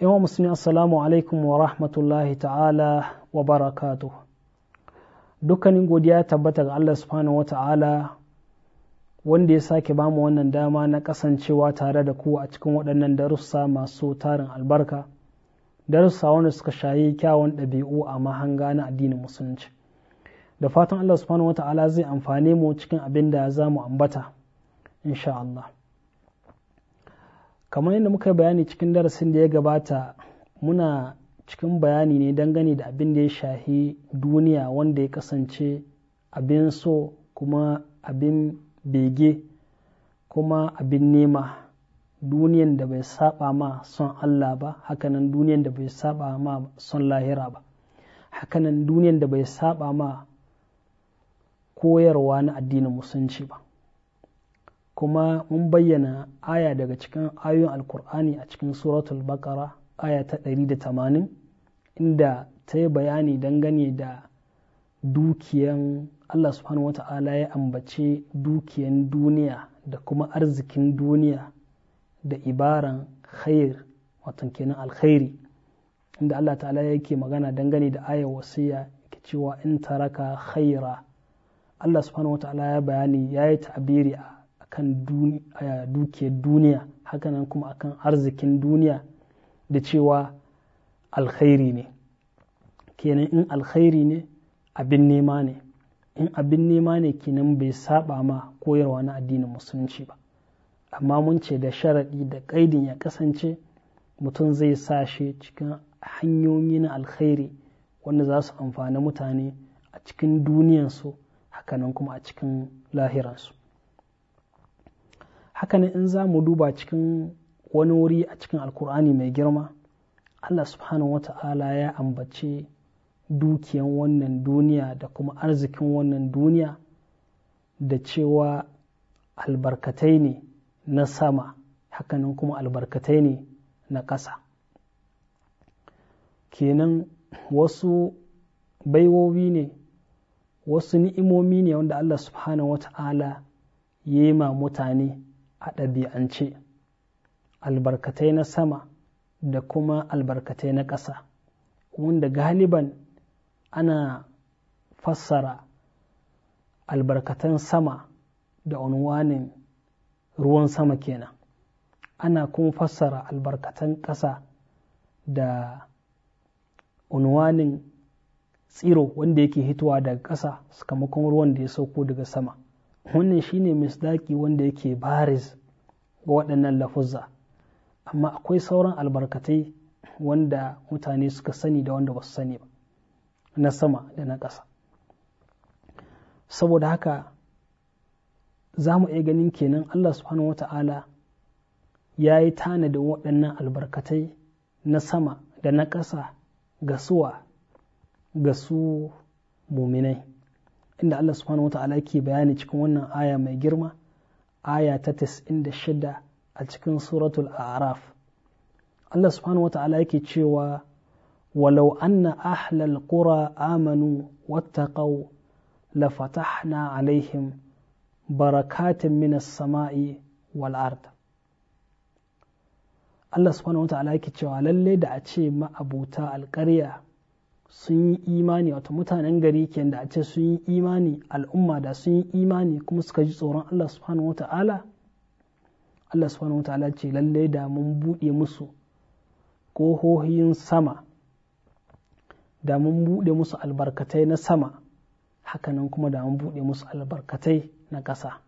yawan musulmi assalamu alaikum wa rahmatullahi ta'ala wa barakatu dukkanin godiya tabbata ga Allah subhanahu wa ta'ala wanda ya sake bamu wannan dama na kasancewa tare da ku a cikin waɗannan darussa masu tarin albarka darussa wanda suka shayi kyawun ɗabi'u a mahanga na addinin musulunci da fatan Allah subhanahu wa ta'ala zai amfane mu cikin abin da za mu ambata insha Allah kamar yadda muka bayani cikin darasin da ya gabata muna cikin bayani ne dangane da abin da ya shahi duniya wanda ya kasance abin so kuma abin bege kuma abin nema duniyan da bai saba ma son Allah ba hakanan duniyan da bai saba ma son lahira ba hakanan duniyan da bai saba ma koyarwa na addinin musulunci ba kuma mun bayyana aya daga cikin ayoyin alkur'ani a cikin suratul bakara aya ta tamanin, inda ta yi bayani dangane da dukiyan Allah subhanahu wata'ala ya ambace dukiyan duniya da kuma arzikin duniya da ibaran khair watan kenan alkhairi inda Allah ta'ala yake magana dangane da aya wasiya ke cewa in taraka khaira Allah subhanahu wata'ala ya bayani ya yi tabiri a kan dukiyar duniya hakanan kuma akan arzikin duniya da cewa alkhairi ne kenan in alkhairi ne abin nema ne in abin nema ne kenan bai saba ma koyarwa na addinin musulunci ba amma mun ce da sharaɗi da ƙaidin ya kasance mutum zai sa shi cikin hanyoyi na alkhairi wanda za su amfani mutane a cikin duniyansu hakanan kuma a cikin lahiransu hakanan in za mu duba cikin wani wuri a cikin alkur'ani mai girma allah subhanahu wa ta'ala ya ambace dukiyan wannan duniya da kuma arzikin wannan duniya da cewa albarkatai ne na sama hakanan kuma albarkatai ne na ƙasa kenan wasu baiwowi ne wasu ni'imomi ne wanda allah subhanahu wa ta'ala ya yi ma mutane a ɗabi'ance albarkatai na sama da kuma albarkatai na ƙasa wanda galiban ana fassara albarkatan sama da unwanin ruwan sama kenan ana kuma fassara albarkatan ƙasa da unwanin tsiro wanda yake hitowa daga ƙasa sakamakon ruwan da ya sauko daga sama wannan shine misdaki wanda yake baris ga waɗannan lafuzza amma akwai sauran albarkatai wanda mutane suka sani da wanda ba su sani ba na sama da na ƙasa saboda haka za mu iya ganin kenan Allah subhanahu wata'ala ya yi tanadin waɗannan albarkatai na sama da na ƙasa ga suwa ga su muminai inda Allah subhanahu wata'ala ke bayani cikin wannan aya mai girma aya ta 96 a cikin suratul a'raf Allah subhanahu wata'ala yake cewa walau anna ahlal qura amanu wattaqau lafatahna alaihim barakatin minas sama'i wal ard Allah subhanahu wata'ala yake cewa lalle da a ce ma'abuta alƙarya sun yi imani wato mutanen gari kenan da a ce sun yi imani al'umma da sun yi imani kuma suka ji tsoron Allah subhanahu wata'ala Allah subhanahu wata'ala ce lalle da mun buɗe musu ƙohohin sama da mun buɗe musu albarkatai na sama hakanan kuma da mun buɗe musu albarkatai na ƙasa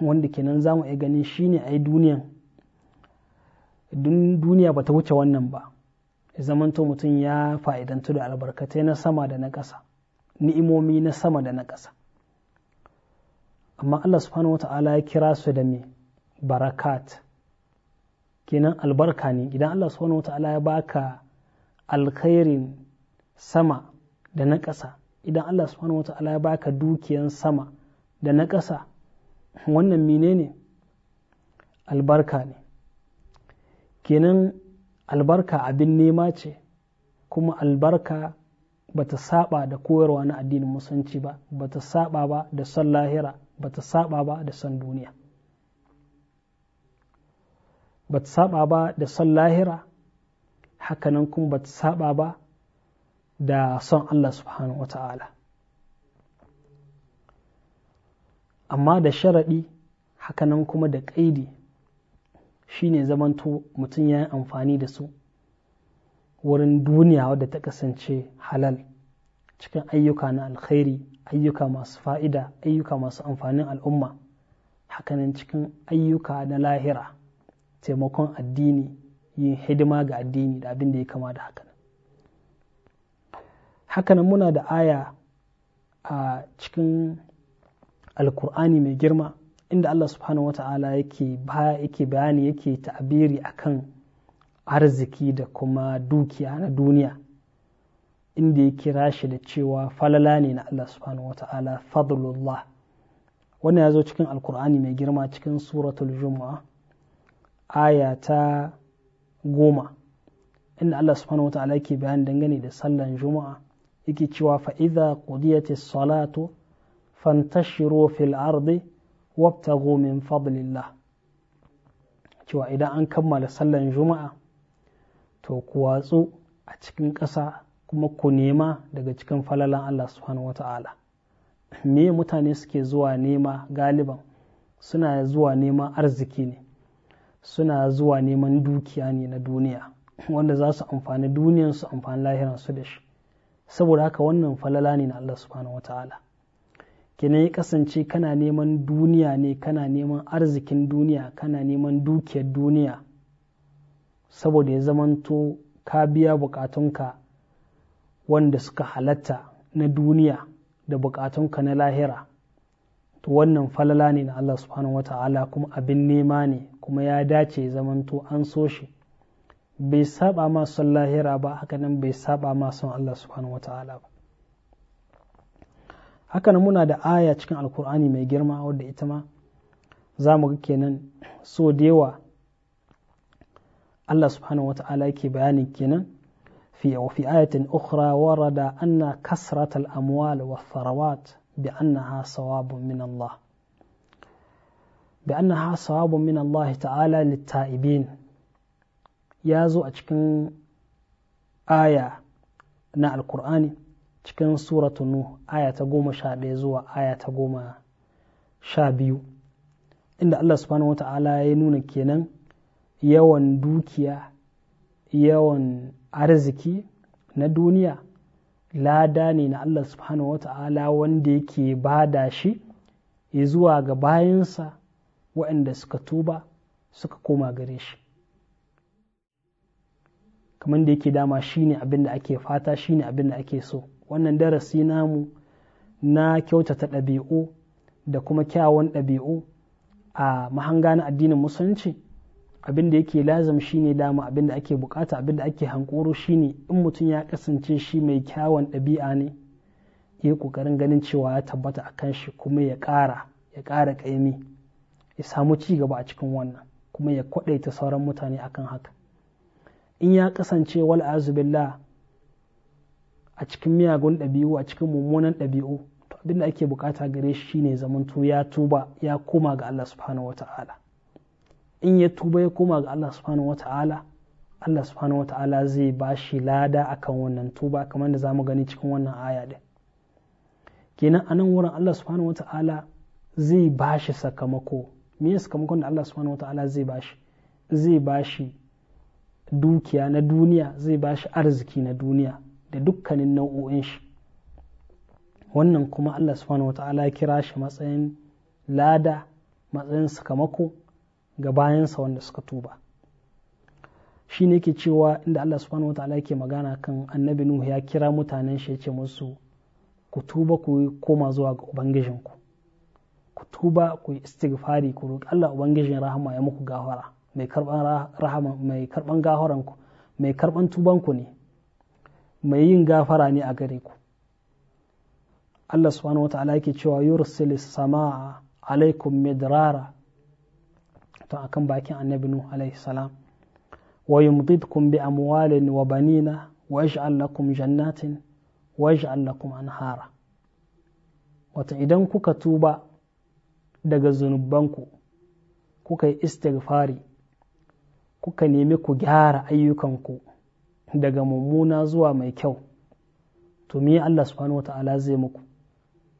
wanda kenan za mu iya ganin shine a yi duniyan duniya ba ta wuce wannan ba ya zamanto mutum ya fa'idantu da albarkatai na sama da na ƙasa ni'imomi na sama da na ƙasa amma Allah subhanahu wata'ala ya kira su da mai barakat kenan albarka ne idan Allah subhanahu wata'ala ya baka alkhairin sama da na ƙasa idan Allah subhanahu wata'ala ya baka dukiyan sama da na ƙasa wannan menene albarka ne kenan albarka abin nema ce kuma albarka ba ta saba da koyarwa na addinin musulunci ba ba ta saba ba da son lahira ba ta saba ba da son duniya ba ta saba ba da son lahira hakanan kuma ta saba ba da son Allah subhanahu wa ta'ala amma da sharaɗi hakanan kuma da ƙaidi shine zamanto mutum ya yi amfani da su wurin duniya wadda ta kasance halal cikin ayyuka na alkhairi ayyuka masu fa'ida ayyuka masu amfanin al'umma hakanan cikin ayyuka na lahira taimakon addini yin hidima ga addini da abin da ya kama da hakan. hakanan muna da aya a cikin alkur'ani mai girma inda Allah subhanahu wata'ala yake baya yake bayani yake ta'abiri akan arziki da kuma dukiya na duniya inda ya kira shi da cewa falala ne na Allah subhanahu wata'ala fadlullah wannan ya zo cikin alkur'ani mai girma cikin suratul juma'a aya ta goma inda Allah subhanahu wata'ala yake bayani dangane da sallan juma'a yake cewa fa'iza qudiyatis salatu fantashiro fil ardi wabtago min fadlillah cewa idan an kammala sallan juma'a to ku watsu a cikin ƙasa kuma ku nema daga cikin falalan Allah subhanahu wata'ala me mutane suke zuwa nema galiban suna zuwa neman arziki ne suna zuwa neman dukiya ne na duniya wanda za su amfani duniyansu amfani lahiransu da shi saboda haka wannan falala ne na Allah subhanahu wata'ala kenan ya kasance kana neman duniya ne kana neman arzikin duniya kana neman dukiyar duniya saboda ya zamanto ka biya bukatunka wanda suka halatta na duniya da bukatunka na lahira to wannan falala ne na Allah subhanahu wata'ala kuma abin nema ne kuma ya dace zamanto an so shi bai saba ma son lahira ba hakanan bai saba ma son Allah subhanahu wata'ala ba hakan muna da aya cikin alkur'ani mai girma wadda ita ma za mu ga kenan so da yawa Allah subhanahu wa ta'ala yake bayanin kenan fi wa fi ayatin ukhra warada anna kasrat al amwal wa tharawat bi annaha sawabun min Allah bi annaha sawabun min Allah ta'ala litta'ibin ya zo a cikin aya na alkur'ani cikin suratu nu aya ta goma sha ɗaya zuwa aya ta goma sha biyu inda Allah subhanahu wa ta'ala ya nuna kenan yawan dukiya yawan arziki na duniya lada ne na Allah subhanahu wa ta'ala wanda yake bada shi ya zuwa ga bayansa waɗanda suka tuba suka koma gare shi kamar da yake dama shine abin da ake fata shine abin da ake so wannan darasi namu na kyautata ɗabi'u da kuma kyawun ɗabi'u a mahanga na addinin musulunci abin da yake lazim shine dama abin da ake bukata abin da ake hankoro shine in mutum ya kasance shi mai kyawun ɗabi'a ne ya kokarin ganin cewa ya tabbata a kan shi kuma ya ƙara ya ƙara ƙaimi ya samu ci gaba a cikin wannan kuma ya kwaɗaita sauran mutane akan haka in ya kasance wal azubillah a cikin miyagun ɗabi'u a cikin mummunan ɗabi'u to abin da ake bukata gare shi shine zamantu ya tuba ya koma ga Allah subhanahu wata'ala in ya tuba ya koma ga Allah subhanahu wata'ala Allah subhanahu wata'ala zai ba shi lada akan wannan tuba kamar da zamu gani cikin wannan aya din kenan anan wurin Allah subhanahu wata'ala zai ba shi sakamako me ya sakamakon da Allah subhanahu wata'ala zai ba shi zai ba shi dukiya na duniya zai ba shi arziki na duniya da dukkanin nau'o'in shi wannan kuma Allah subhanahu wa ta'ala kira shi matsayin lada matsayin sakamako ga bayansa wanda suka tuba shi ne ke cewa inda Allah subhanahu wa ta'ala ke magana kan annabi Nuhu ya kira mutanen shi ya ce musu ku tuba ku koma zuwa ga ubangijinku ku tuba ku yi istighfari ku roki Allah ubangijin rahama ya muku gafara mai karban rahama mai karban gafaranku mai karban tubanku ne mai yin gafara ne a gare ku Allah subhanahu ta’ala yake cewa yursil samaa alaikum midrara to akan bakin annabi nu alaihi salam wa yumdidkum bi amwalin wa banina wa yaj'al lakum jannatin wa yaj'al lakum anhara wata idan kuka tuba daga ku kuka yi istighfari kuka nemi ku gyara ayyukanku daga mummuna zuwa mai kyau to me Allah subhanahu wata'ala zai muku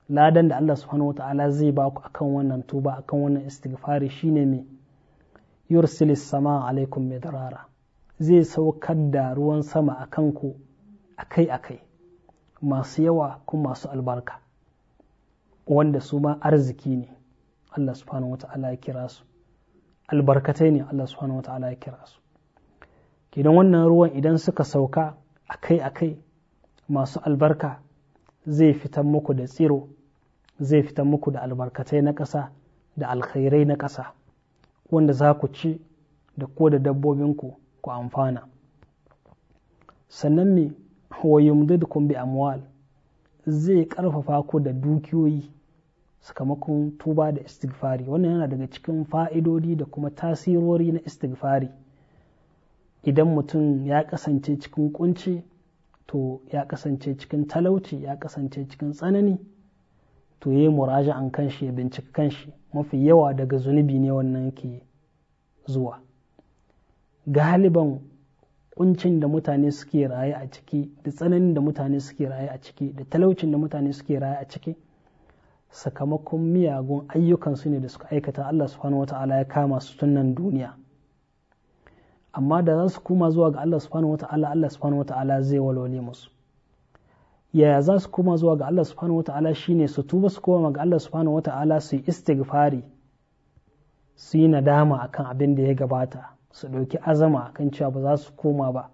ladan da Allah subhanahu wata'ala zai ba ku akan wannan tuba akan wannan istighfari shine me yursilis sama alaikum midrara zai saukar da ruwan sama akan ku akai akai masu yawa kuma masu albarka wanda su ma arziki ne Allah subhanahu wata'ala ya kira su albarkatai ne Allah subhanahu wata'ala ya kira su kidan wannan ruwan idan suka sauka akai-akai masu albarka zai fitan muku da tsiro zai fitan muku da albarkatai na ƙasa da alkhairai na ƙasa wanda za ku ci da ko da dabbobinku ku amfana sannan me wa yumdidkum bi amwal zai karfafa ku da dukiyoyi sakamakon tuba da istighfari wannan yana daga cikin fa'idodi da kuma tasirori na istighfari idan mutum ya kasance cikin kunci to ya kasance cikin talauci ya kasance cikin tsanani to ya yi muraja an kanshi ya bincika kanshi mafi yawa daga zunubi ne wannan ke zuwa galiban kuncin da mutane suke raye a ciki da tsananin da mutane suke raye a ciki da talaucin da mutane suke raye a ciki sakamakon miyagun ayyukansu ne da suka aikata Allah subhanahu wata'ala ya kama su tunan duniya amma da za su koma zuwa ga Allah subhanahu wata'ala Allah subhanahu wata'ala zai walwale musu yaya za su koma zuwa ga Allah subhanahu wata'ala shine su tuba su koma ga Allah subhanahu wata'ala su yi istighfari su yi nadama akan abin da ya gabata su ɗauki azama akan cewa ba za su koma ba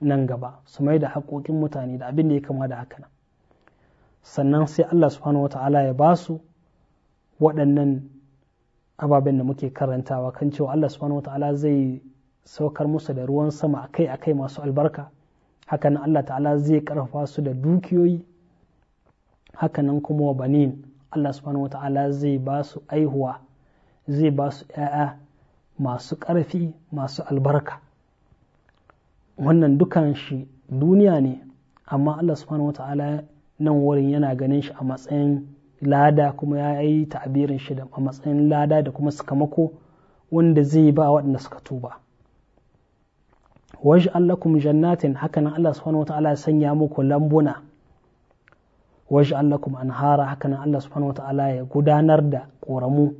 nan gaba su mai da haƙoƙin mutane da abin da ya kama da haka nan sannan sai Allah subhanahu wata'ala ya ba su waɗannan ababen da muke karantawa kan cewa Allah subhanahu wata'ala zai saukar musu da ruwan sama akai akai masu albarka hakanan Allah ta'ala zai karfafa su da dukiyoyi hakanan kuma wa banin Allah subhanahu wata'ala zai ba su aihuwa zai ba su ‘ya'ya masu ƙarfi masu albarka wannan dukan shi duniya ne amma Allah subhanahu wata'ala nan wurin yana ganin shi a matsayin lada kuma ya yi ta'abirin shi a matsayin lada da kuma sakamako wanda zai ba waɗanda suka tuba. waj allakum jannatin hakan Allah subhanahu wata'ala ya sanya muku lambuna waj allakum anhara hakan Allah subhanahu wata'ala ya gudanar da koramu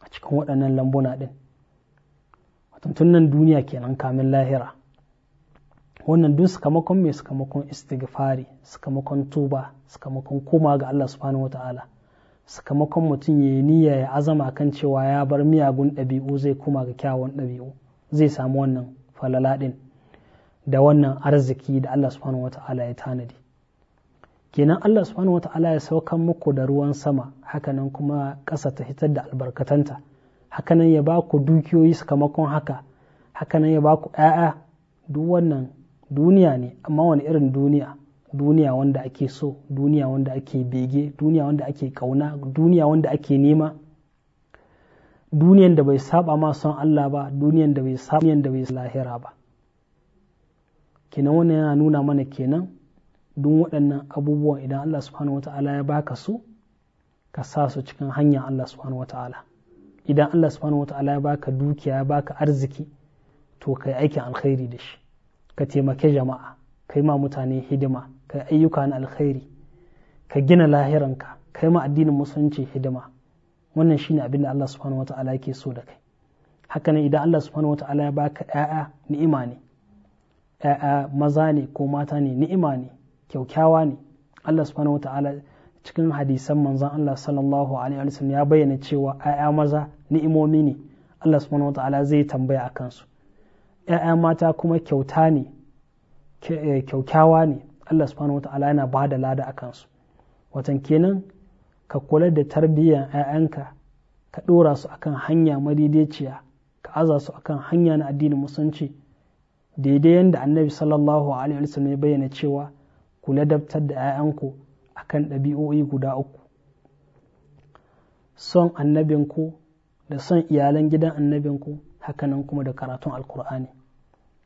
a cikin waɗannan lambuna din tun nan duniya kenan kamin lahira wannan duk sakamakon mai sakamakon istighfari sakamakon tuba sakamakon koma ga Allah subhanahu wata'ala sakamakon mutum ya yi niyya ya azama kan cewa ya bar miyagun ɗabi'u zai koma ga kyawun ɗabi'u zai samu wannan falala ɗin da wannan arziki da Allah subhanahu wata'ala ya tanadi kenan Allah subhanahu wata'ala ya sauka muku da ruwan sama hakanan kuma ƙasa ta hitar da albarkatanta hakanan ya ba ku dukiyoyi sakamakon haka hakanan ya ba ku ‘ya'ya duk wannan duniya ne amma wani irin duniya duniya wanda ake so duniya wanda ake bege duniya wanda ake kauna duniya wanda ake nema duniyan da bai saba ma son Allah ba duniyan da bai saba da bai lahira ba kenan wannan yana nuna mana kenan duk waɗannan abubuwan idan Allah subhanahu wata'ala ya baka su ka sa su cikin hanyar Allah subhanahu wata'ala idan Allah subhanahu wata'ala ya baka dukiya ya baka arziki to kai aikin alkhairi da shi ka taimake jama'a kai ma mutane hidima kai ayyuka na alkhairi ka gina lahiranka kai ma addinin musulunci hidima wannan shine abin da Allah subhanahu wata'ala yake so da kai haka nan idan Allah subhanahu wata'ala ya baka ƴaƴa ni'ima ne ƴaƴa maza ne ko mata ne ni'ima ne kyaukyawa ne Allah subhanahu wata'ala cikin hadisan manzon Allah sallallahu alaihi wasallam ya bayyana cewa ƴaƴa maza ni'imomi ne Allah subhanahu wata'ala zai tambaya akan su ƴaƴa mata kuma kyauta ne eh, kyaukyawa ne Allah subhanahu wata'ala yana bada lada akan su watan kenan ka kula da tarbiyyar 'ya'yanka ka ɗora su akan hanya madaidaiciya ka aza su akan hanya na addinin musulunci daidai yadda annabi sallallahu alaihi wasallam ya bayyana cewa ku ladabtar da 'ya'yanku akan ɗabi'o'i guda uku son annabinku da son iyalan gidan annabinku hakanan kuma da karatun alkur'ani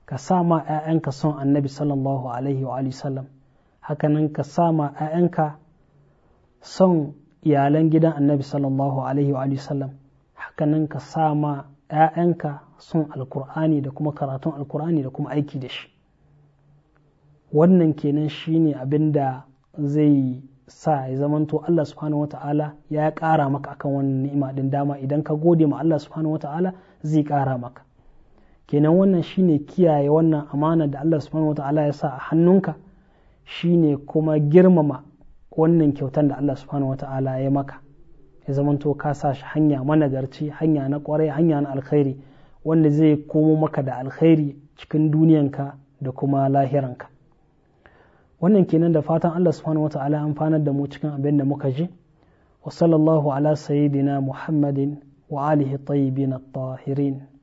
ka sa ma 'ya'yanka son annabi sallallahu alaihi wa sallam hakanan ka sa ma 'ya'yanka son iyalan gidan annabi sallallahu alaihi wa sallam hakanan ka sama ‘ya'yanka sun alkur'ani da kuma karatun alkur'ani da kuma aiki da shi wannan kenan shine abin da zai sa ya zamanto Allah subhanahu wa ya ƙara maka akan wannan ni'ima din dama idan ka gode ma Allah subhanahu wa ta'ala zai ƙara maka kenan wannan shine kiyaye wannan amana da Allah subhanahu wa ya sa a hannunka shine kuma girmama wannan kyautar da Allah subhanahu wata'ala ya maka ya zamanto ka sa shi hanya managarci hanya na kwarai hanya na alkhairi wanda zai komo maka da alkhairi cikin duniyanka da kuma lahiranka wannan kenan da fatan Allah subhanahu amfana amfanar da mu cikin abin da muka ji wa sallallahu ala sayyidina muhammadin wa alihi tayyibin at-tahirin